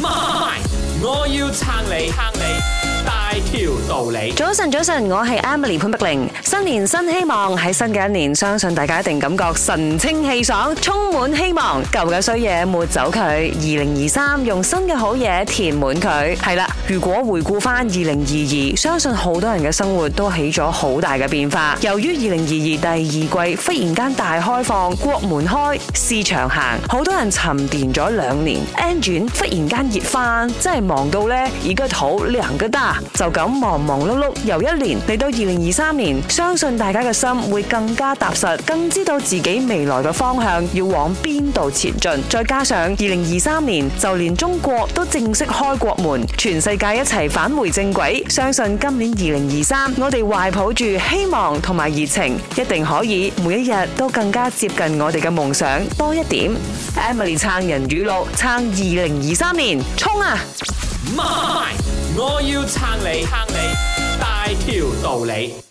My, 我要撐你，撐你，大條道理。早晨，早晨，我係 Emily 潘碧玲。新年新希望，喺新嘅一年，相信大家一定感覺神清氣爽，充滿希望。舊嘅衰嘢抹走佢，二零二三用新嘅好嘢填滿佢。係啦。如果回顧翻二零二二，相信好多人嘅生活都起咗好大嘅變化。由於二零二二第二季忽然間大開放，國門開，市場行，好多人沉澱咗兩年，N 卷忽然間熱翻，真係忙到呢，已個肚涼個膽，就咁忙忙碌碌又一年。嚟到二零二三年，相信大家嘅心會更加踏實，更知道自己未來嘅方向要往邊度前進。再加上二零二三年，就連中國都正式開國門，全世世界一齊返回正軌，相信今年二零二三，我哋懷抱住希望同埋熱情，一定可以每一日都更加接近我哋嘅夢想多一點。Emily 撐人語錄，撐二零二三年，衝啊！My, 我要撐你，撐你，大條道理。